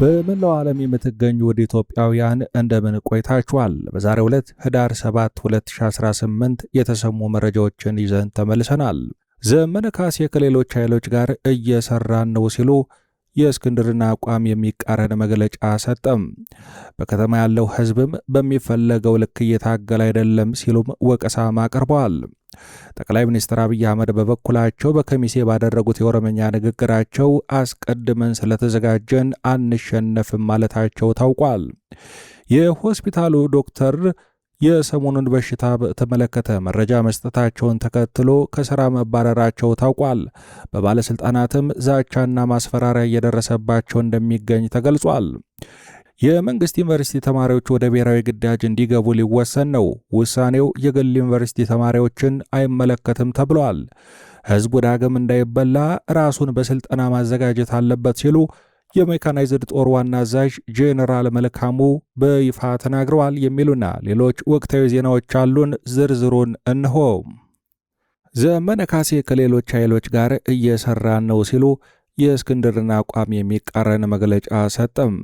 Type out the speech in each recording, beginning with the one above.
በመላው ዓለም የምትገኙ ወደ ኢትዮጵያውያን እንደምን ቆይታችኋል? በዛሬው ዕለት ህዳር 7 2018 የተሰሙ መረጃዎችን ይዘን ተመልሰናል። ዘመነ ካሴ ከሌሎች ኃይሎች ጋር እየሰራን ነው ሲሉ የእስክንድርን አቋም የሚቃረን መግለጫ ሰጠም። በከተማ ያለው ህዝብም በሚፈለገው ልክ እየታገል አይደለም ሲሉም ወቀሳም አቅርበዋል። ጠቅላይ ሚኒስትር አብይ አህመድ በበኩላቸው በከሚሴ ባደረጉት የኦሮመኛ ንግግራቸው አስቀድመን ስለተዘጋጀን አንሸነፍም ማለታቸው ታውቋል። የሆስፒታሉ ዶክተር የሰሞኑን በሽታ በተመለከተ መረጃ መስጠታቸውን ተከትሎ ከስራ መባረራቸው ታውቋል። በባለሥልጣናትም ዛቻና ማስፈራሪያ እየደረሰባቸው እንደሚገኝ ተገልጿል። የመንግስት ዩኒቨርሲቲ ተማሪዎች ወደ ብሔራዊ ግዳጅ እንዲገቡ ሊወሰን ነው። ውሳኔው የግል ዩኒቨርሲቲ ተማሪዎችን አይመለከትም ተብሏል። ሕዝቡ ዳግም እንዳይበላ ራሱን በስልጠና ማዘጋጀት አለበት ሲሉ የሜካናይዝድ ጦር ዋና አዛዥ ጄኔራል መልካሙ በይፋ ተናግረዋል። የሚሉና ሌሎች ወቅታዊ ዜናዎች አሉን። ዝርዝሩን እንሆ ዘመነ ካሴ ከሌሎች ኃይሎች ጋር እየሰራን ነው ሲሉ የእስክንድርን አቋም የሚቃረን መግለጫ ሰጠም።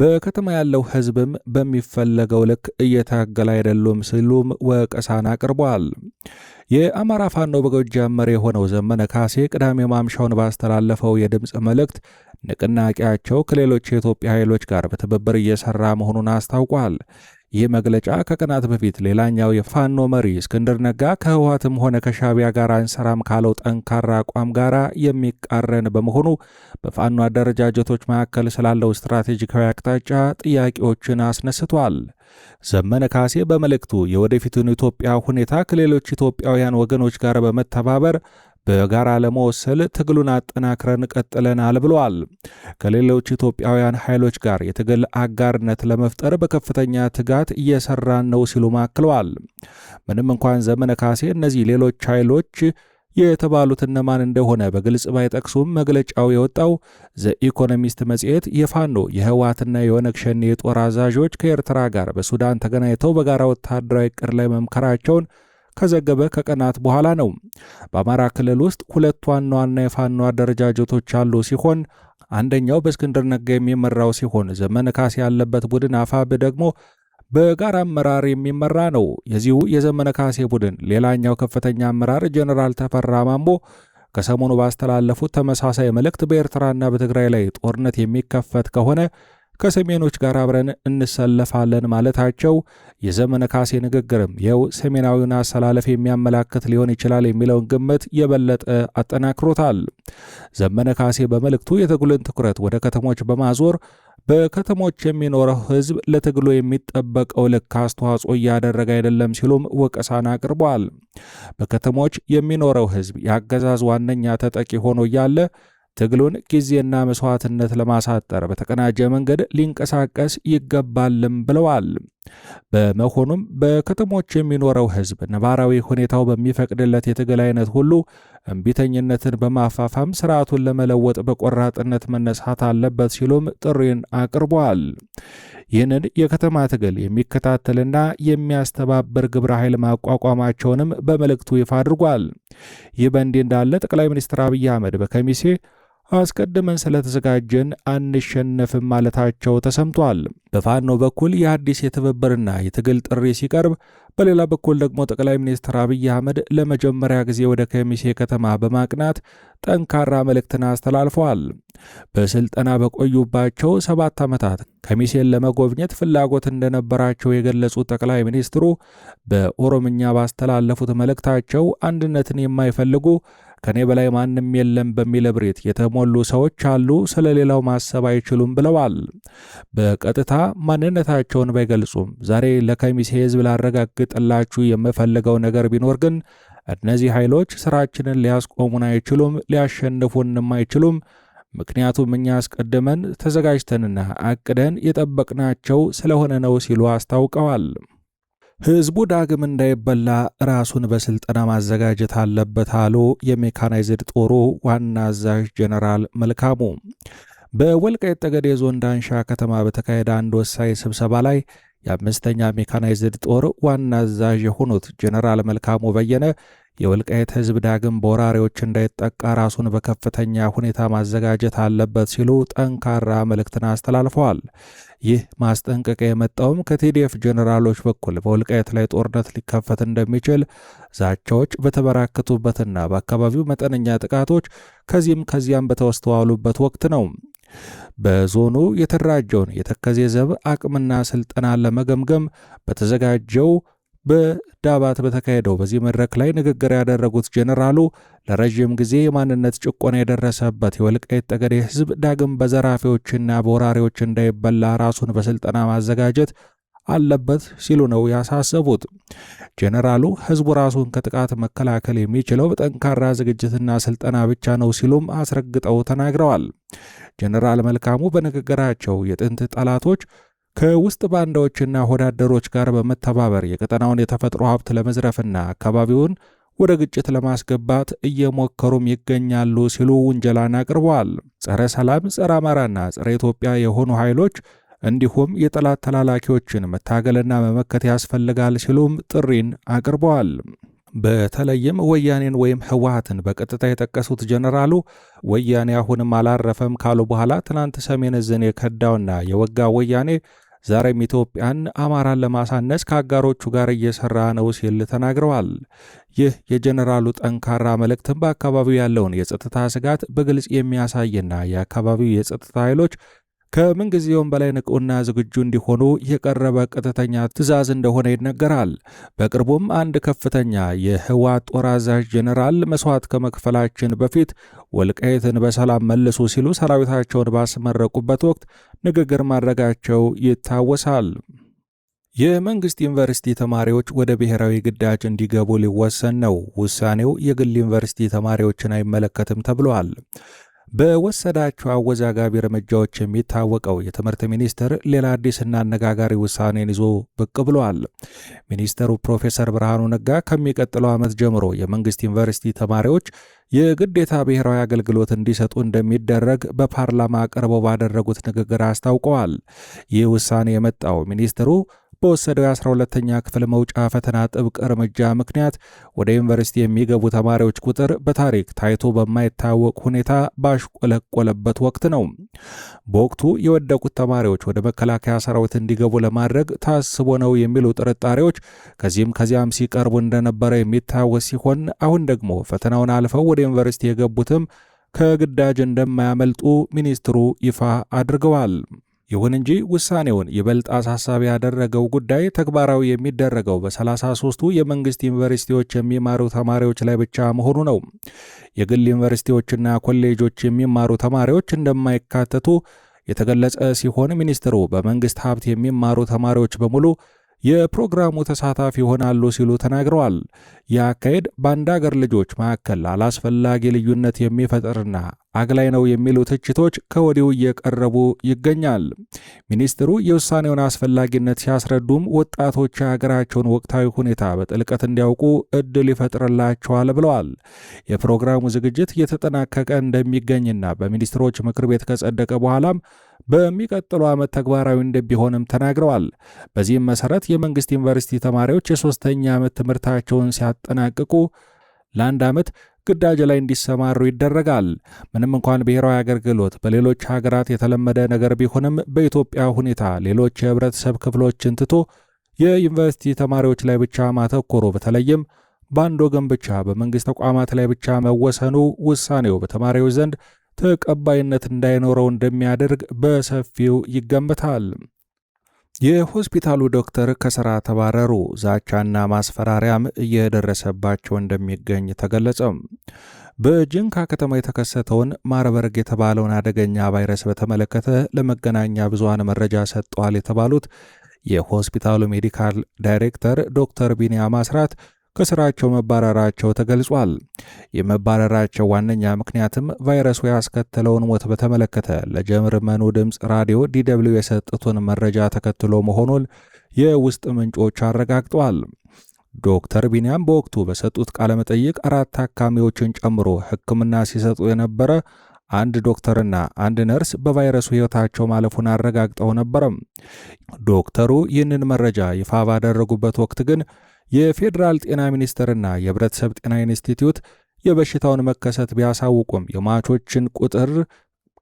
በከተማ ያለው ህዝብም በሚፈለገው ልክ እየታገለ አይደሉም ሲሉም ወቀሳን አቅርቧል። የአማራ ፋኖ በጎጃም መሪ የሆነው ዘመነ ካሴ ቅዳሜ ማምሻውን ባስተላለፈው የድምፅ መልእክት ንቅናቄያቸው ከሌሎች የኢትዮጵያ ኃይሎች ጋር በትብብር እየሰራ መሆኑን አስታውቋል። ይህ መግለጫ ከቀናት በፊት ሌላኛው የፋኖ መሪ እስክንድር ነጋ ከህወሓትም ሆነ ከሻቢያ ጋር አንሰራም ካለው ጠንካራ አቋም ጋር የሚቃረን በመሆኑ በፋኖ አደረጃጀቶች መካከል ስላለው ስትራቴጂካዊ አቅጣጫ ጥያቄዎችን አስነስቷል። ዘመነ ካሴ በመልእክቱ የወደፊቱን ኢትዮጵያ ሁኔታ ከሌሎች ኢትዮጵያውያን ወገኖች ጋር በመተባበር በጋራ ለመወሰል ትግሉን አጠናክረን ቀጥለናል ብለዋል። ከሌሎች ኢትዮጵያውያን ኃይሎች ጋር የትግል አጋርነት ለመፍጠር በከፍተኛ ትጋት እየሰራን ነው ሲሉም አክለዋል። ምንም እንኳን ዘመነ ካሴ እነዚህ ሌሎች ኃይሎች የተባሉት እነማን እንደሆነ በግልጽ ባይጠቅሱም መግለጫው የወጣው ዘኢኮኖሚስት መጽሔት የፋኖ የህወሓትና የኦነግ ሸኔ የጦር አዛዦች ከኤርትራ ጋር በሱዳን ተገናኝተው በጋራ ወታደራዊ ቅር ላይ መምከራቸውን ከዘገበ ከቀናት በኋላ ነው። በአማራ ክልል ውስጥ ሁለት ዋና ዋና የፋኖ አደረጃጀቶች ያሉ ሲሆን አንደኛው በእስክንድር ነጋ የሚመራው ሲሆን ዘመነ ካሴ ያለበት ቡድን አፋብ ደግሞ በጋራ አመራር የሚመራ ነው። የዚሁ የዘመነ ካሴ ቡድን ሌላኛው ከፍተኛ አመራር ጀኔራል ተፈራ ማሞ ከሰሞኑ ባስተላለፉት ተመሳሳይ መልእክት በኤርትራና በትግራይ ላይ ጦርነት የሚከፈት ከሆነ ከሰሜኖች ጋር አብረን እንሰለፋለን ማለታቸው የዘመነ ካሴ ንግግርም ይኸው ሰሜናዊውን አሰላለፍ የሚያመላክት ሊሆን ይችላል የሚለውን ግምት የበለጠ አጠናክሮታል። ዘመነ ካሴ በመልእክቱ የትግሉን ትኩረት ወደ ከተሞች በማዞር በከተሞች የሚኖረው ሕዝብ ለትግሉ የሚጠበቀው ልክ አስተዋጽኦ እያደረገ አይደለም ሲሉም ወቀሳን አቅርቧል። በከተሞች የሚኖረው ሕዝብ የአገዛዝ ዋነኛ ተጠቂ ሆኖ እያለ ትግሉን ጊዜና መስዋዕትነት ለማሳጠር በተቀናጀ መንገድ ሊንቀሳቀስ ይገባልም ብለዋል። በመሆኑም በከተሞች የሚኖረው ሕዝብ ነባራዊ ሁኔታው በሚፈቅድለት የትግል አይነት ሁሉ እምቢተኝነትን በማፋፋም ስርዓቱን ለመለወጥ በቆራጥነት መነሳት አለበት ሲሉም ጥሪን አቅርቧል ይህንን የከተማ ትግል የሚከታተልና የሚያስተባብር ግብረ ኃይል ማቋቋማቸውንም በመልእክቱ ይፋ አድርጓል። ይህ በእንዲህ እንዳለ ጠቅላይ ሚኒስትር አብይ አህመድ በከሚሴ አስቀድመን ስለተዘጋጀን አንሸነፍም ማለታቸው ተሰምቷል። በፋኖ በኩል የአዲስ የትብብርና የትግል ጥሪ ሲቀርብ፣ በሌላ በኩል ደግሞ ጠቅላይ ሚኒስትር አብይ አህመድ ለመጀመሪያ ጊዜ ወደ ከሚሴ ከተማ በማቅናት ጠንካራ መልእክትን አስተላልፈዋል። በስልጠና በቆዩባቸው ሰባት ዓመታት ከሚሴን ለመጎብኘት ፍላጎት እንደነበራቸው የገለጹት ጠቅላይ ሚኒስትሩ በኦሮምኛ ባስተላለፉት መልእክታቸው አንድነትን የማይፈልጉ ከኔ በላይ ማንም የለም በሚል እብሪት የተሞሉ ሰዎች አሉ፣ ስለ ሌላው ማሰብ አይችሉም ብለዋል። በቀጥታ ማንነታቸውን ባይገልጹም ዛሬ ለከሚሴ ህዝብ ላረጋግጥላችሁ የምፈልገው ነገር ቢኖር ግን እነዚህ ኃይሎች ስራችንን ሊያስቆሙን አይችሉም፣ ሊያሸንፉንም አይችሉም። ምክንያቱም እኛ አስቀድመን ተዘጋጅተንና አቅደን የጠበቅናቸው ስለሆነ ነው ሲሉ አስታውቀዋል። ህዝቡ ዳግም እንዳይበላ ራሱን በስልጠና ማዘጋጀት አለበት አሉ የሜካናይዝድ ጦሩ ዋና አዛዥ ጀነራል መልካሙ። በወልቃይት ጠገዴ ዞን ዳንሻ ከተማ በተካሄደ አንድ ወሳኝ ስብሰባ ላይ የአምስተኛ ሜካናይዝድ ጦር ዋና አዛዥ የሆኑት ጀነራል መልካሙ በየነ የውልቃየት ሕዝብ ዳግም በወራሪዎች እንዳይጠቃ ራሱን በከፍተኛ ሁኔታ ማዘጋጀት አለበት ሲሉ ጠንካራ መልእክትን አስተላልፈዋል። ይህ ማስጠንቀቂያ የመጣውም ከቲዲኤፍ ጀኔራሎች በኩል በወልቃየት ላይ ጦርነት ሊከፈት እንደሚችል ዛቻዎች በተበራከቱበትና በአካባቢው መጠነኛ ጥቃቶች ከዚህም ከዚያም በተስተዋሉበት ወቅት ነው። በዞኑ የተደራጀውን የተከዜ ዘብ አቅምና ስልጠና ለመገምገም በተዘጋጀው በዳባት በተካሄደው በዚህ መድረክ ላይ ንግግር ያደረጉት ጀኔራሉ ለረዥም ጊዜ የማንነት ጭቆና የደረሰበት የወልቃይት ጠገዴ ሕዝብ ዳግም በዘራፊዎችና በወራሪዎች እንዳይበላ ራሱን በስልጠና ማዘጋጀት አለበት ሲሉ ነው ያሳሰቡት። ጄኔራሉ ህዝቡ ራሱን ከጥቃት መከላከል የሚችለው በጠንካራ ዝግጅትና ስልጠና ብቻ ነው ሲሉም አስረግጠው ተናግረዋል። ጄኔራል መልካሙ በንግግራቸው የጥንት ጠላቶች ከውስጥ ባንዳዎችና ወዳደሮች ጋር በመተባበር የቀጠናውን የተፈጥሮ ሀብት ለመዝረፍና አካባቢውን ወደ ግጭት ለማስገባት እየሞከሩም ይገኛሉ ሲሉ ውንጀላን አቅርበዋል። ጸረ ሰላም፣ ጸረ አማራና ጸረ ኢትዮጵያ የሆኑ ኃይሎች እንዲሁም የጠላት ተላላኪዎችን መታገልና መመከት ያስፈልጋል ሲሉም ጥሪን አቅርበዋል። በተለይም ወያኔን ወይም ህወሀትን በቀጥታ የጠቀሱት ጀነራሉ ወያኔ አሁንም አላረፈም ካሉ በኋላ ትናንት ሰሜን ዝን የከዳውና የወጋ ወያኔ ዛሬም ኢትዮጵያን አማራን ለማሳነስ ከአጋሮቹ ጋር እየሰራ ነው ሲል ተናግረዋል። ይህ የጀኔራሉ ጠንካራ መልእክትም በአካባቢው ያለውን የጸጥታ ስጋት በግልጽ የሚያሳይና የአካባቢው የጸጥታ ኃይሎች ከምንጊዜውም በላይ ንቁና ዝግጁ እንዲሆኑ የቀረበ ቀጥተኛ ትዕዛዝ እንደሆነ ይነገራል። በቅርቡም አንድ ከፍተኛ የህወሓት ጦር አዛዥ ጄኔራል መስዋዕት ከመክፈላችን በፊት ወልቃይትን በሰላም መልሱ ሲሉ ሰራዊታቸውን ባስመረቁበት ወቅት ንግግር ማድረጋቸው ይታወሳል። የመንግስት ዩኒቨርሲቲ ተማሪዎች ወደ ብሔራዊ ግዳጅ እንዲገቡ ሊወሰን ነው። ውሳኔው የግል ዩኒቨርሲቲ ተማሪዎችን አይመለከትም ተብሏል። በወሰዳቸው አወዛጋቢ እርምጃዎች የሚታወቀው የትምህርት ሚኒስትር ሌላ አዲስና አነጋጋሪ ውሳኔን ይዞ ብቅ ብሏል። ሚኒስትሩ ፕሮፌሰር ብርሃኑ ነጋ ከሚቀጥለው ዓመት ጀምሮ የመንግስት ዩኒቨርሲቲ ተማሪዎች የግዴታ ብሔራዊ አገልግሎት እንዲሰጡ እንደሚደረግ በፓርላማ ቀርበው ባደረጉት ንግግር አስታውቀዋል። ይህ ውሳኔ የመጣው ሚኒስትሩ በወሰደው የ12ተኛ ክፍል መውጫ ፈተና ጥብቅ እርምጃ ምክንያት ወደ ዩኒቨርሲቲ የሚገቡ ተማሪዎች ቁጥር በታሪክ ታይቶ በማይታወቅ ሁኔታ ባሽቆለቆለበት ወቅት ነው። በወቅቱ የወደቁት ተማሪዎች ወደ መከላከያ ሰራዊት እንዲገቡ ለማድረግ ታስቦ ነው የሚሉ ጥርጣሬዎች ከዚህም ከዚያም ሲቀርቡ እንደነበረ የሚታወስ ሲሆን አሁን ደግሞ ፈተናውን አልፈው ወደ ዩኒቨርሲቲ የገቡትም ከግዳጅ እንደማያመልጡ ሚኒስትሩ ይፋ አድርገዋል። ይሁን እንጂ ውሳኔውን ይበልጥ አሳሳቢ ያደረገው ጉዳይ ተግባራዊ የሚደረገው በ 33 የመንግስት ዩኒቨርሲቲዎች የሚማሩ ተማሪዎች ላይ ብቻ መሆኑ ነው። የግል ዩኒቨርሲቲዎችና ኮሌጆች የሚማሩ ተማሪዎች እንደማይካተቱ የተገለጸ ሲሆን ሚኒስትሩ በመንግስት ሀብት የሚማሩ ተማሪዎች በሙሉ የፕሮግራሙ ተሳታፊ ይሆናሉ ሲሉ ተናግረዋል። ይህ አካሄድ በአንድ አገር ልጆች መካከል አላስፈላጊ ልዩነት የሚፈጥርና አግላይ ነው የሚሉ ትችቶች ከወዲሁ እየቀረቡ ይገኛል። ሚኒስትሩ የውሳኔውን አስፈላጊነት ሲያስረዱም ወጣቶች የሀገራቸውን ወቅታዊ ሁኔታ በጥልቀት እንዲያውቁ እድል ይፈጥርላቸዋል ብለዋል። የፕሮግራሙ ዝግጅት እየተጠናቀቀ እንደሚገኝና በሚኒስትሮች ምክር ቤት ከጸደቀ በኋላም በሚቀጥለው ዓመት ተግባራዊ እንደሚሆንም ተናግረዋል። በዚህም መሰረት የመንግስት ዩኒቨርሲቲ ተማሪዎች የሶስተኛ ዓመት ትምህርታቸውን ሲያጠናቅቁ ለአንድ ዓመት ግዳጅ ላይ እንዲሰማሩ ይደረጋል። ምንም እንኳን ብሔራዊ አገልግሎት በሌሎች ሀገራት የተለመደ ነገር ቢሆንም በኢትዮጵያ ሁኔታ ሌሎች የህብረተሰብ ክፍሎችን ትቶ የዩኒቨርሲቲ ተማሪዎች ላይ ብቻ ማተኮሩ በተለይም በአንድ ወገን ብቻ በመንግሥት ተቋማት ላይ ብቻ መወሰኑ ውሳኔው በተማሪዎች ዘንድ ተቀባይነት እንዳይኖረው እንደሚያደርግ በሰፊው ይገምታል። የሆስፒታሉ ዶክተር ከስራ ተባረሩ። ዛቻና ማስፈራሪያም እየደረሰባቸው እንደሚገኝ ተገለጸ። በጅንካ ከተማ የተከሰተውን ማርበርግ የተባለውን አደገኛ ቫይረስ በተመለከተ ለመገናኛ ብዙሃን መረጃ ሰጥተዋል የተባሉት የሆስፒታሉ ሜዲካል ዳይሬክተር ዶክተር ቢኒያም አስራት ከስራቸው መባረራቸው ተገልጿል። የመባረራቸው ዋነኛ ምክንያትም ቫይረሱ ያስከተለውን ሞት በተመለከተ ለጀርመኑ ድምፅ ራዲዮ ዲደብሊው የሰጡትን መረጃ ተከትሎ መሆኑን የውስጥ ምንጮች አረጋግጠዋል። ዶክተር ቢንያም በወቅቱ በሰጡት ቃለ መጠይቅ አራት ታካሚዎችን ጨምሮ ሕክምና ሲሰጡ የነበረ አንድ ዶክተርና አንድ ነርስ በቫይረሱ ሕይወታቸው ማለፉን አረጋግጠው ነበረም። ዶክተሩ ይህንን መረጃ ይፋ ባደረጉበት ወቅት ግን የፌዴራል ጤና ሚኒስቴርና የህብረተሰብ ጤና ኢንስቲትዩት የበሽታውን መከሰት ቢያሳውቁም የሟቾችን ቁጥር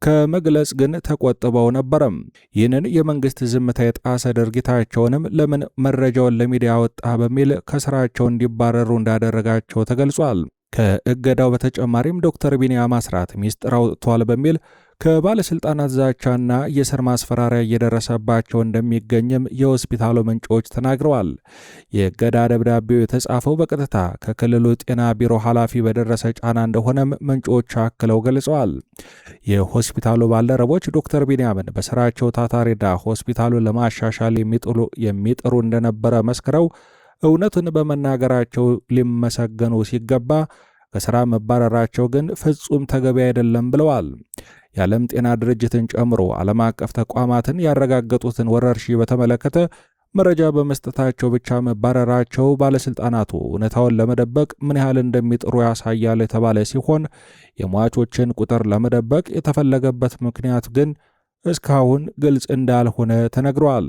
ከመግለጽ ግን ተቆጥበው ነበረም። ይህንን የመንግስት ዝምታ የጣሰ ድርጊታቸውንም ለምን መረጃውን ለሚዲያ ወጣ በሚል ከስራቸው እንዲባረሩ እንዳደረጋቸው ተገልጿል። ከእገዳው በተጨማሪም ዶክተር ቢንያም አስራት ሚስጥር አውጥቷል በሚል ከባለሥልጣናት ዛቻና የእስር ማስፈራሪያ እየደረሰባቸው እንደሚገኝም የሆስፒታሉ ምንጮች ተናግረዋል። የእገዳ ደብዳቤው የተጻፈው በቀጥታ ከክልሉ ጤና ቢሮ ኃላፊ በደረሰ ጫና እንደሆነም ምንጮች አክለው ገልጸዋል። የሆስፒታሉ ባልደረቦች ዶክተር ቢንያምን በስራቸው ታታሪና ሆስፒታሉን ለማሻሻል የሚጥሩ እንደነበረ መስክረው እውነቱን በመናገራቸው ሊመሰገኑ ሲገባ ከሥራ መባረራቸው ግን ፍጹም ተገቢ አይደለም ብለዋል። የዓለም ጤና ድርጅትን ጨምሮ ዓለም አቀፍ ተቋማትን ያረጋገጡትን ወረርሽኝ በተመለከተ መረጃ በመስጠታቸው ብቻ መባረራቸው ባለሥልጣናቱ እውነታውን ለመደበቅ ምን ያህል እንደሚጥሩ ያሳያል የተባለ ሲሆን የሟቾችን ቁጥር ለመደበቅ የተፈለገበት ምክንያት ግን እስካሁን ግልጽ እንዳልሆነ ተነግሯል።